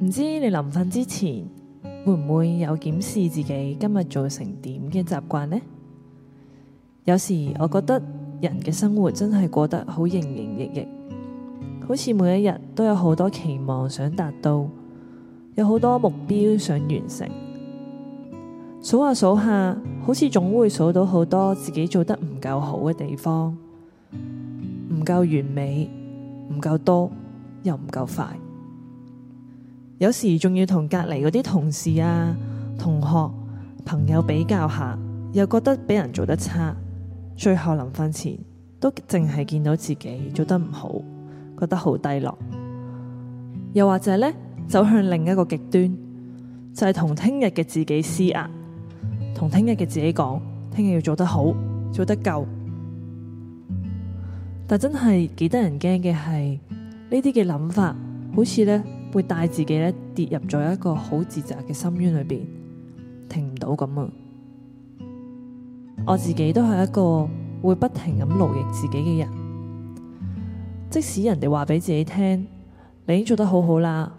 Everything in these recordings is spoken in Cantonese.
唔知你臨瞓之前會唔會有檢視自己今日做成點嘅習慣呢？有時我覺得人嘅生活真係過得好營營役役，好似每一日都有好多期望想達到，有好多目標想完成。數下數下，好似總會數到好多自己做得唔夠好嘅地方，唔夠完美，唔夠多，又唔夠快。有時仲要同隔籬嗰啲同事啊、同學、朋友比較下，又覺得俾人做得差，最後臨瞓前都淨係見到自己做得唔好，覺得好低落。又或者咧，走向另一個極端，就係同聽日嘅自己施壓，同聽日嘅自己講，聽日要做得好，做得夠。但真係幾得人驚嘅係，呢啲嘅諗法，好似咧。會帶自己跌入咗一個好自責嘅深淵裏邊，停唔到咁啊！我自己都係一個會不停咁勞役自己嘅人，即使人哋話俾自己聽，你已經做得好好啦，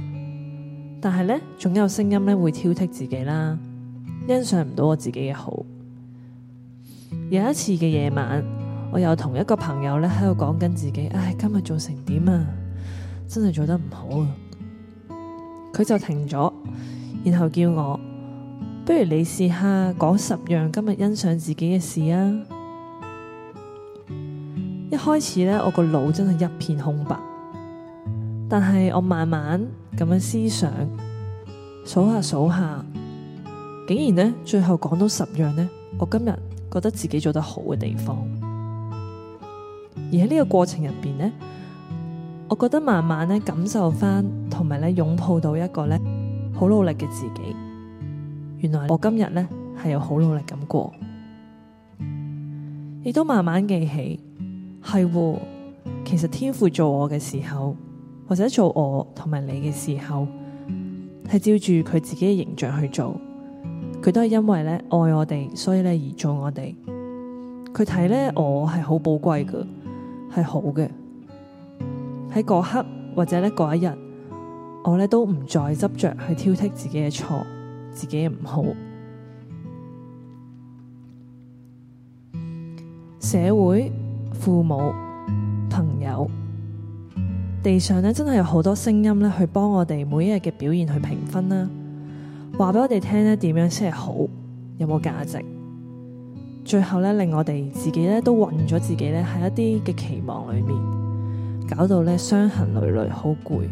但係呢，總有聲音咧會挑剔自己啦，欣賞唔到我自己嘅好。有一次嘅夜晚，我又同一個朋友咧喺度講緊自己，唉、哎，今日做成點啊，真係做得唔好啊！佢就停咗，然後叫我，不如你試下講十樣今日欣賞自己嘅事啊！ 一開始呢，我個腦真係一片空白，但係我慢慢咁樣思想，數下數下，竟然呢最後講到十樣呢，我今日覺得自己做得好嘅地方，而喺呢個過程入面呢。我覺得慢慢咧感受翻，同埋咧擁抱到一個咧好努力嘅自己。原來我今日咧係有好努力咁過，亦都慢慢記起，係、哦、其實天父做我嘅時候，或者做我同埋你嘅時候，係照住佢自己嘅形象去做。佢都係因為咧愛我哋，所以咧而做我哋。佢睇咧我係好寶貴嘅，係好嘅。喺嗰刻或者咧嗰一日，我咧都唔再執着去挑剔自己嘅錯，自己嘅唔好。社會、父母、朋友，地上咧真係有好多聲音咧，去幫我哋每一日嘅表現去評分啦。話俾我哋聽咧，點樣先係好，有冇價值？最後咧，令我哋自己咧都困咗自己咧喺一啲嘅期望裏面。搞到咧傷痕累累，好攰，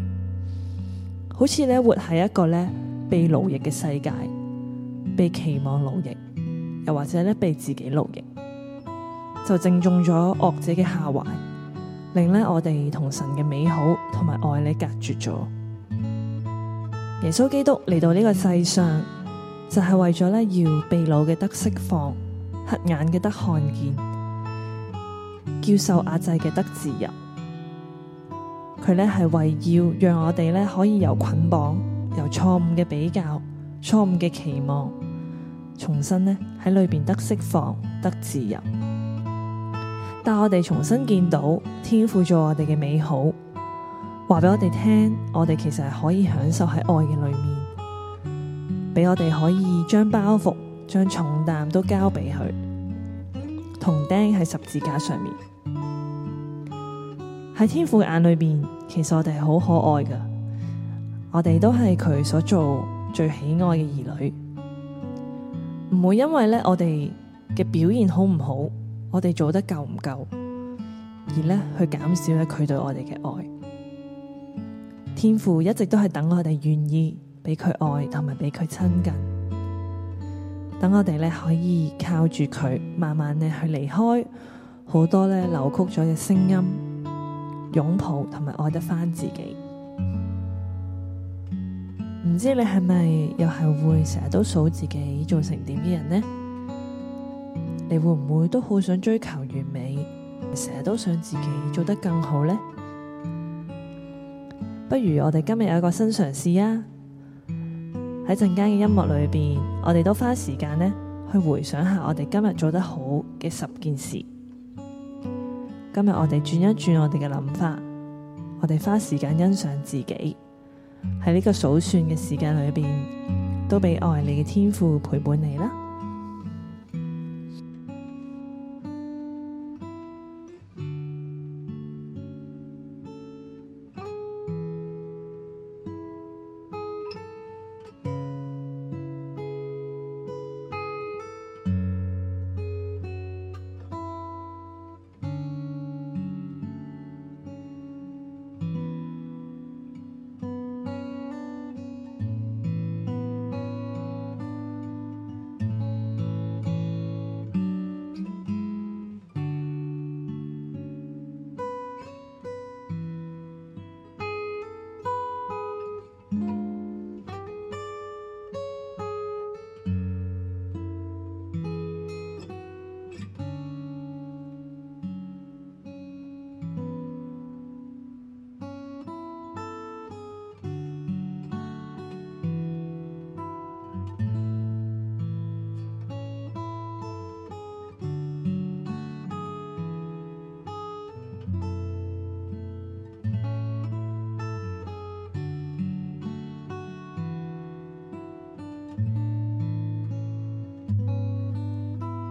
好似咧活喺一個咧被奴役嘅世界，被期望奴役，又或者咧被自己奴役，就正中咗惡者嘅下懷，令咧我哋同神嘅美好同埋愛咧隔絕咗。耶穌基督嚟到呢個世上，就係、是、為咗咧要被擄嘅得釋放，瞎眼嘅得看見，叫受壓制嘅得自由。佢咧係為要讓我哋咧可以由捆綁、由錯誤嘅比較、錯誤嘅期望，重新呢喺裏邊得釋放、得自由。但我哋重新見到天父咗我哋嘅美好，話俾我哋聽，我哋其實係可以享受喺愛嘅裏面，俾我哋可以將包袱、將重擔都交俾佢，同釘喺十字架上面。喺天父嘅眼裏邊，其實我哋係好可愛㗎。我哋都係佢所做最喜愛嘅兒女，唔會因為呢我哋嘅表現好唔好，我哋做得夠唔夠，而呢去減少呢佢對我哋嘅愛。天父一直都係等我哋願意俾佢愛，同埋俾佢親近，等我哋呢可以靠住佢，慢慢呢去離開好多呢扭曲咗嘅聲音。擁抱同埋愛得返自己，唔知你係咪又係會成日都數自己做成點嘅人呢？你會唔會都好想追求完美，成日都想自己做得更好呢？不如我哋今日有一個新嘗試啊！喺陣間嘅音樂裏邊，我哋都花時間呢去回想下我哋今日做得好嘅十件事。今日我哋轉一轉我哋嘅諗法，我哋花時間欣賞自己，喺呢個數算嘅時間裏面，都畀愛你嘅天父陪伴你啦。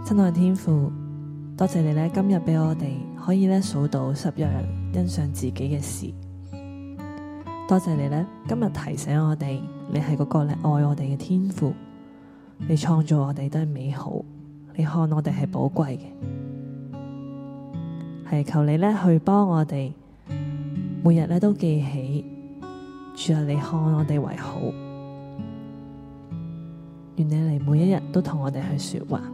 親愛天父，多謝你今日俾我哋可以咧數到十樣欣賞自己嘅事。多謝你今日提醒我哋，你係嗰個咧愛我哋嘅天父，你創造我哋都係美好，你看我哋係寶貴嘅，係求你去幫我哋，每日都記起，主啊，你看我哋為好，願你嚟每一日都同我哋去說話。